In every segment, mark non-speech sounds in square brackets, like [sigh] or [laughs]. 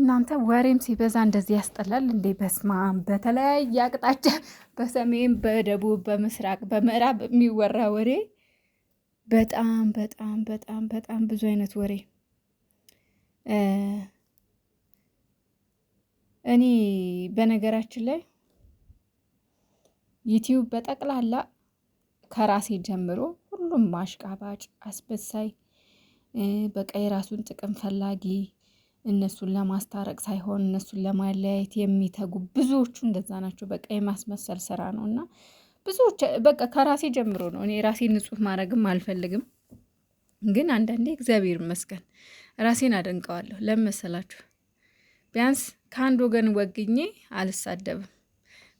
እናንተ ወሬም ሲበዛ እንደዚህ ያስጠላል እንዴ? በስማ በተለያየ አቅጣጫ [laughs] በሰሜን፣ በደቡብ፣ በምስራቅ፣ በምዕራብ የሚወራ ወሬ በጣም በጣም በጣም በጣም ብዙ አይነት ወሬ። እኔ በነገራችን ላይ ዩቲዩብ በጠቅላላ ከራሴ ጀምሮ ሁሉም ማሽቃባጭ፣ አስበሳይ፣ በቃ የራሱን ጥቅም ፈላጊ እነሱን ለማስታረቅ ሳይሆን እነሱን ለማለያየት የሚተጉ ብዙዎቹ እንደዛ ናቸው። በቃ የማስመሰል ስራ ነው እና ብዙዎች በቃ ከራሴ ጀምሮ ነው። እኔ ራሴን ንጹህ ማድረግም አልፈልግም፣ ግን አንዳንዴ እግዚአብሔር ይመስገን ራሴን አደንቀዋለሁ። ለመሰላችሁ ቢያንስ ከአንድ ወገን ወግኜ አልሳደብም።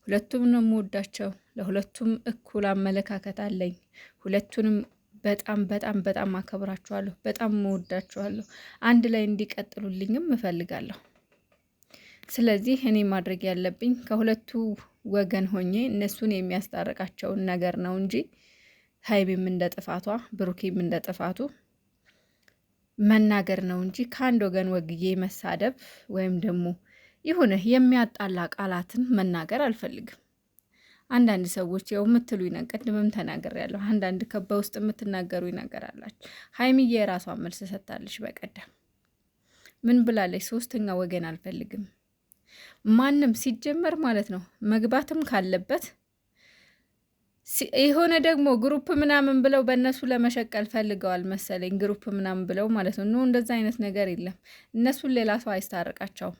ሁለቱም ነው የምወዳቸው። ለሁለቱም እኩል አመለካከት አለኝ። ሁለቱንም በጣም በጣም በጣም አከብራችኋለሁ። በጣም እወዳችኋለሁ። አንድ ላይ እንዲቀጥሉልኝም እፈልጋለሁ። ስለዚህ እኔ ማድረግ ያለብኝ ከሁለቱ ወገን ሆኜ እነሱን የሚያስታርቃቸውን ነገር ነው እንጂ ሀይሚም እንደ ጥፋቷ ብሩኬም እንደ ጥፋቱ መናገር ነው እንጂ ከአንድ ወገን ወግዬ መሳደብ ወይም ደግሞ ይሁንህ የሚያጣላ ቃላትን መናገር አልፈልግም። አንዳንድ ሰዎች ያው የምትሉ ይነቀድ ቅድምም ተናግሬያለሁ። አንዳንድ በውስጥ የምትናገሩ ይነገራላችሁ። ሀይሚዬ የራሷን መልስ ሰጥታለች። በቀደም ምን ብላለች? ሶስተኛ ወገን አልፈልግም። ማንም ሲጀመር ማለት ነው መግባትም ካለበት የሆነ ደግሞ ግሩፕ ምናምን ብለው በእነሱ ለመሸቀል ፈልገዋል መሰለኝ። ግሩፕ ምናምን ብለው ማለት ነው። ኖ እንደዛ አይነት ነገር የለም። እነሱን ሌላ ሰው አይስታርቃቸውም።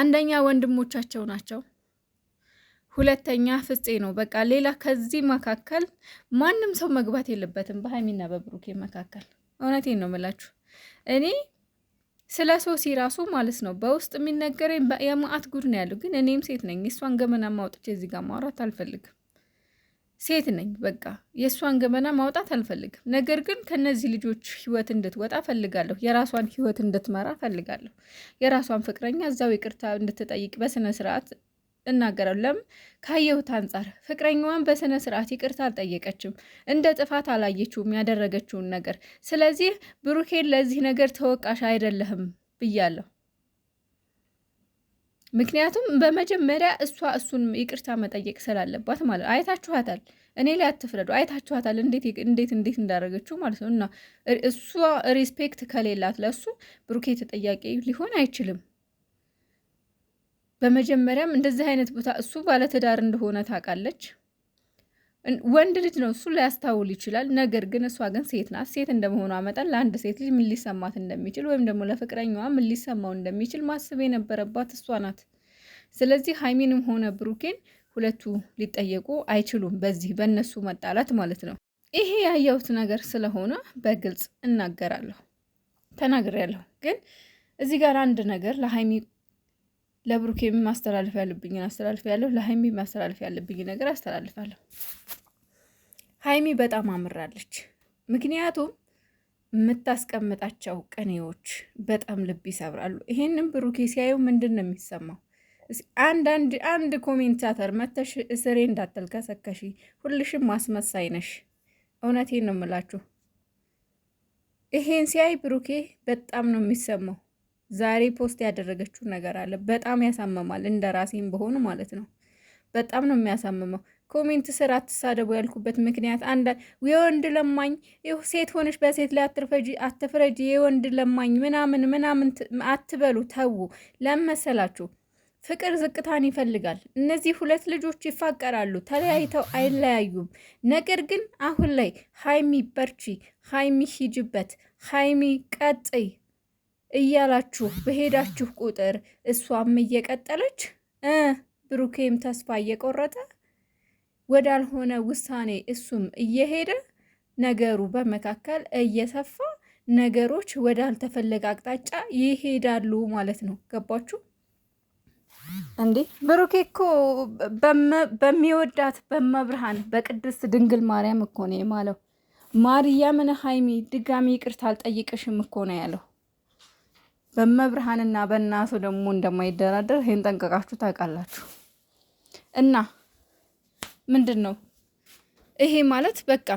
አንደኛ ወንድሞቻቸው ናቸው ሁለተኛ ፍፄ ነው። በቃ ሌላ ከዚህ መካከል ማንም ሰው መግባት የለበትም፣ በሀይሚና በብሩኬ መካከል። እውነቴን ነው የምላችሁ እኔ ስለ ሶሲ ራሱ ማለት ነው በውስጥ የሚነገረኝ የማአት ጉድ ነው ያለው። ግን እኔም ሴት ነኝ፣ የእሷን ገመና ማውጥቼ እዚህ ጋር ማውራት አልፈልግም። ሴት ነኝ፣ በቃ የእሷን ገመና ማውጣት አልፈልግም። ነገር ግን ከነዚህ ልጆች ህይወት እንድትወጣ ፈልጋለሁ። የራሷን ህይወት እንድትመራ ፈልጋለሁ። የራሷን ፍቅረኛ እዛው ይቅርታ እንድትጠይቅ በስነ ስርዓት እናገራለሁ። ለምን ካየሁት አንጻር ፍቅረኛዋን በስነ ስርዓት ይቅርታ አልጠየቀችም፣ እንደ ጥፋት አላየችውም ያደረገችውን ነገር። ስለዚህ ብሩኬን ለዚህ ነገር ተወቃሽ አይደለህም ብያለሁ። ምክንያቱም በመጀመሪያ እሷ እሱን ይቅርታ መጠየቅ ስላለባት ማለት ነው። አይታችኋታል፣ እኔ ላይ አትፍረዱ። አይታችኋታል እንዴት እንዴት እንዴት እንዳደረገችው ማለት ነው። እና እሷ ሪስፔክት ከሌላት ለሱ ብሩኬ ተጠያቂ ሊሆን አይችልም። በመጀመሪያም እንደዚህ አይነት ቦታ እሱ ባለትዳር እንደሆነ ታውቃለች። ወንድ ልጅ ነው እሱ ሊያስታውል ይችላል። ነገር ግን እሷ ግን ሴት ናት። ሴት እንደመሆኗ መጠን ለአንድ ሴት ልጅ ምን ሊሰማት እንደሚችል ወይም ደግሞ ለፍቅረኛዋ ምን ሊሰማው እንደሚችል ማሰብ የነበረባት እሷ ናት። ስለዚህ ሀይሚንም ሆነ ብሩኬን ሁለቱ ሊጠየቁ አይችሉም፣ በዚህ በእነሱ መጣላት ማለት ነው። ይሄ ያየሁት ነገር ስለሆነ በግልጽ እናገራለሁ፣ ተናግሬያለሁ። ግን እዚህ ጋር አንድ ነገር ለሀይሚ ለብሩኬ ማስተላለፍ ያለብኝን አስተላልፍ ያለሁ ለሀይሚ ማስተላልፍ ያለብኝ ነገር አስተላልፋለሁ። ሀይሚ በጣም አምራለች። ምክንያቱም የምታስቀምጣቸው ቅኔዎች በጣም ልብ ይሰብራሉ። ይሄንም ብሩኬ ሲያዩ ምንድን ነው የሚሰማው? አንዳንድ አንድ ኮሜንታተር መተሽ እስሬ ከሰከሺ፣ ሁልሽም ማስመሳይ ነሽ። እውነቴን ነው የምላችሁ። ይሄን ሲያይ ብሩኬ በጣም ነው የሚሰማው። ዛሬ ፖስት ያደረገችው ነገር አለ። በጣም ያሳምማል። እንደ ራሴም በሆኑ ማለት ነው። በጣም ነው የሚያሳምመው። ኮሜንት ስር አትሳደቡ ያልኩበት ምክንያት አንዳ የወንድ ለማኝ ሴት ሆነች በሴት ላይ አትርፈጂ፣ አትፍረጂ፣ የወንድ ለማኝ ምናምን ምናምን አትበሉ። ተዉ። ለመሰላችሁ ፍቅር ዝቅታን ይፈልጋል። እነዚህ ሁለት ልጆች ይፋቀራሉ፣ ተለያይተው አይለያዩም። ነገር ግን አሁን ላይ ሀይሚ በርቺ፣ ሀይሚ ሂጅበት፣ ሀይሚ ቀጥይ እያላችሁ በሄዳችሁ ቁጥር እሷም እየቀጠለች ብሩኬም ተስፋ እየቆረጠ ወዳልሆነ ውሳኔ እሱም እየሄደ ነገሩ በመካከል እየሰፋ ነገሮች ወዳልተፈለገ አቅጣጫ ይሄዳሉ ማለት ነው። ገባችሁ እንዴ? ብሩኬ እኮ በሚወዳት በመብርሃን በቅድስት ድንግል ማርያም እኮ ነው የማለው። ማርያምን ሀይሚ ድጋሚ ይቅርታ አልጠይቅሽም እኮ ነው ያለው። በመብርሃንና በእናቱ ደግሞ እንደማይደራደር ይህን ጠንቀቃችሁ ታውቃላችሁ። እና ምንድን ነው ይሄ ማለት በቃ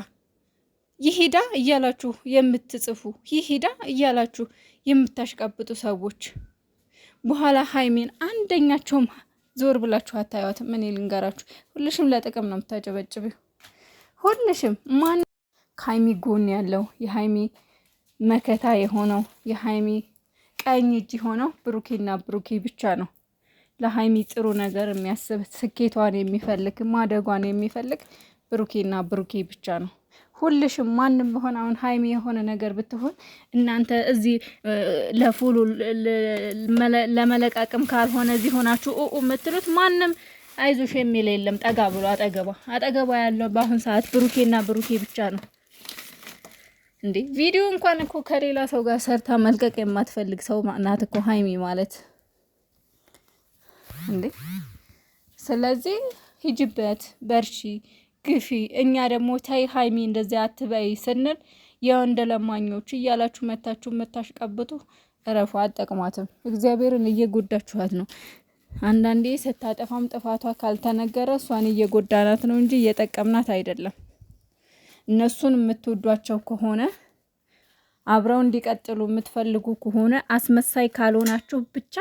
ይሄዳ እያላችሁ የምትጽፉ ይሄዳ እያላችሁ የምታሽቃብጡ ሰዎች በኋላ ሀይሜን አንደኛቸውም ዞር ብላችሁ አታዩትም። ምን ልንገራችሁ፣ ሁልሽም ለጥቅም ነው የምታጨበጭቢው። ሁልሽም ማን ከሀይሚ ጎን ያለው የሀይሚ መከታ የሆነው የሀይሚ ቀኝ እጅ የሆነው ብሩኬና ብሩኬ ብቻ ነው ለሀይሚ ጥሩ ነገር የሚያስብ ስኬቷን የሚፈልግ ማደጓን የሚፈልግ ብሩኬና ብሩኬ ብቻ ነው። ሁልሽም ማንም በሆነ አሁን ሀይሚ የሆነ ነገር ብትሆን እናንተ እዚህ ለፉሉ ለመለቃቅም ካልሆነ እዚህ ሆናችሁ ኡኡ የምትሉት ማንም አይዞሽ የሚል የለም። ጠጋ ብሎ አጠገቧ አጠገቧ ያለው በአሁን ሰዓት ብሩኬና ብሩኬ ብቻ ነው። እንዴ ቪዲዮ እንኳን እኮ ከሌላ ሰው ጋር ሰርታ መልቀቅ የማትፈልግ ሰው ናት እኮ ሀይሚ ማለት እንዴ። ስለዚህ ሂጅበት፣ በርሺ፣ ግፊ። እኛ ደግሞ ታይ ሀይሚ እንደዚህ አትበይ ስንል የወንድ ለማኞቹ እያላችሁ መታችሁ የምታሽቀብጡ እረፉ። አጠቅማትም እግዚአብሔርን እየጎዳችኋት ነው። አንዳንዴ ስታጠፋም ጥፋቷ ካልተነገረ እሷን እየጎዳናት ነው እንጂ እየጠቀምናት አይደለም። እነሱን የምትወዷቸው ከሆነ አብረው እንዲቀጥሉ የምትፈልጉ ከሆነ አስመሳይ ካልሆናችሁ ብቻ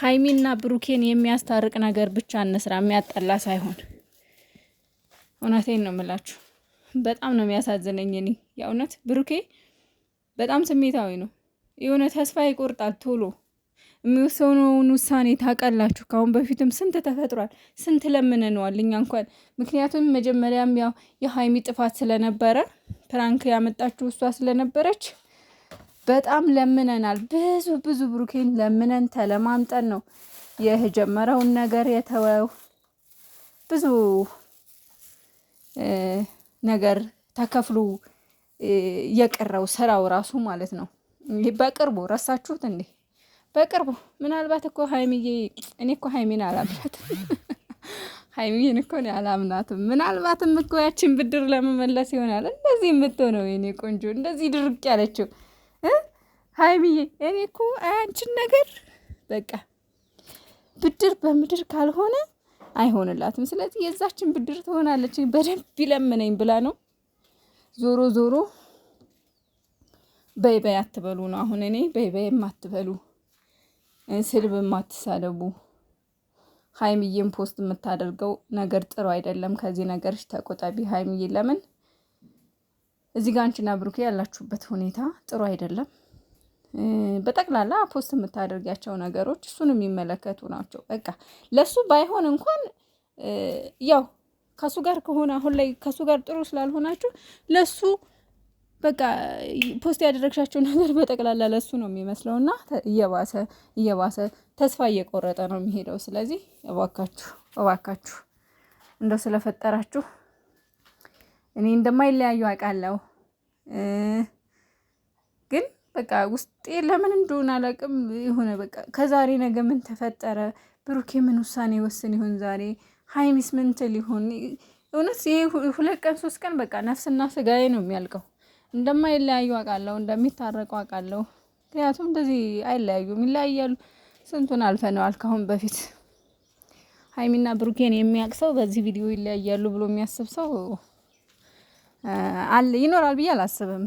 ሀይሚና ብሩኬን የሚያስታርቅ ነገር ብቻ እንስራ፣ የሚያጠላ ሳይሆን። እውነቴን ነው የምላችሁ፣ በጣም ነው የሚያሳዝነኝ። እኔ የእውነት ብሩኬ በጣም ስሜታዊ ነው፣ የሆነ ተስፋ ይቆርጣል ቶሎ የሚወሰነውን ውሳኔ ታውቃላችሁ። ከአሁን በፊትም ስንት ተፈጥሯል፣ ስንት ለምንነዋል እኛ እንኳን ምክንያቱም መጀመሪያም ያው የሀይሚ ጥፋት ስለነበረ ፕራንክ ያመጣችሁ እሷ ስለነበረች በጣም ለምነናል። ብዙ ብዙ ብሩኬን ለምነን ተለማምጠን ነው የጀመረውን ነገር የተወው ብዙ ነገር ተከፍሎ የቀረው ስራው ራሱ ማለት ነው። ይህ በቅርቡ ረሳችሁት እንዴ? በቅርቡ ምናልባት እኮ ሀይሚዬ እኔ እኮ ሀይሚን አላምናትም። [laughs] ሀይሚን እኮ እኔ አላምናትም። ምናልባትም እኮ ያችን ብድር ለመመለስ ይሆናል እንደዚህ የምትሆነው የኔ ቆንጆ፣ እንደዚህ ድርቅ ያለችው ሀይሚዬ። እኔ እኮ አያንችን ነገር በቃ ብድር በምድር ካልሆነ አይሆንላትም። ስለዚህ የዛችን ብድር ትሆናለች በደንብ ይለምነኝ ብላ ነው። ዞሮ ዞሮ በይበይ አትበሉ ነው አሁን እኔ በይበይ የማትበሉ ስድብ የማትሳደቡ ሀይምዬን ፖስት የምታደርገው ነገር ጥሩ አይደለም። ከዚህ ነገርሽ ተቆጠቢ ሀይሚዬ። ለምን እዚህ ጋር አንቺና ብሩኬ ያላችሁበት ሁኔታ ጥሩ አይደለም። በጠቅላላ ፖስት የምታደርጋቸው ነገሮች እሱን የሚመለከቱ ናቸው። በቃ ለሱ ባይሆን እንኳን ያው ከሱ ጋር ከሆነ አሁን ላይ ከሱ ጋር ጥሩ ስላልሆናችሁ ለሱ በቃ ፖስት ያደረግሻቸው ነገር በጠቅላላ ለሱ ነው የሚመስለው እና እየባሰ እየባሰ ተስፋ እየቆረጠ ነው የሚሄደው። ስለዚህ እባካችሁ እባካችሁ እንደው ስለፈጠራችሁ እኔ እንደማይለያዩ አውቃለሁ፣ ግን በቃ ውስጤ ለምን እንደሆነ አላውቅም። የሆነ በቃ ከዛሬ ነገ ምን ተፈጠረ፣ ብሩኬ ምን ውሳኔ ወስን ይሆን፣ ዛሬ ሀይሚስ ምን ትል ይሆን? እውነት ይሄ ሁለት ቀን ሶስት ቀን በቃ ነፍስና ስጋዬ ነው የሚያልቀው። እንደማይለያዩ አውቃለሁ፣ እንደሚታረቁ አውቃለሁ። ምክንያቱም እንደዚህ አይለያዩም፣ ይለያያሉ። ስንቱን አልፈነዋል ካሁን በፊት። ሀይሚና ብሩኬን የሚያውቅ ሰው በዚህ ቪዲዮ ይለያያሉ ብሎ የሚያስብ ሰው አለ ይኖራል ብዬ አላስብም።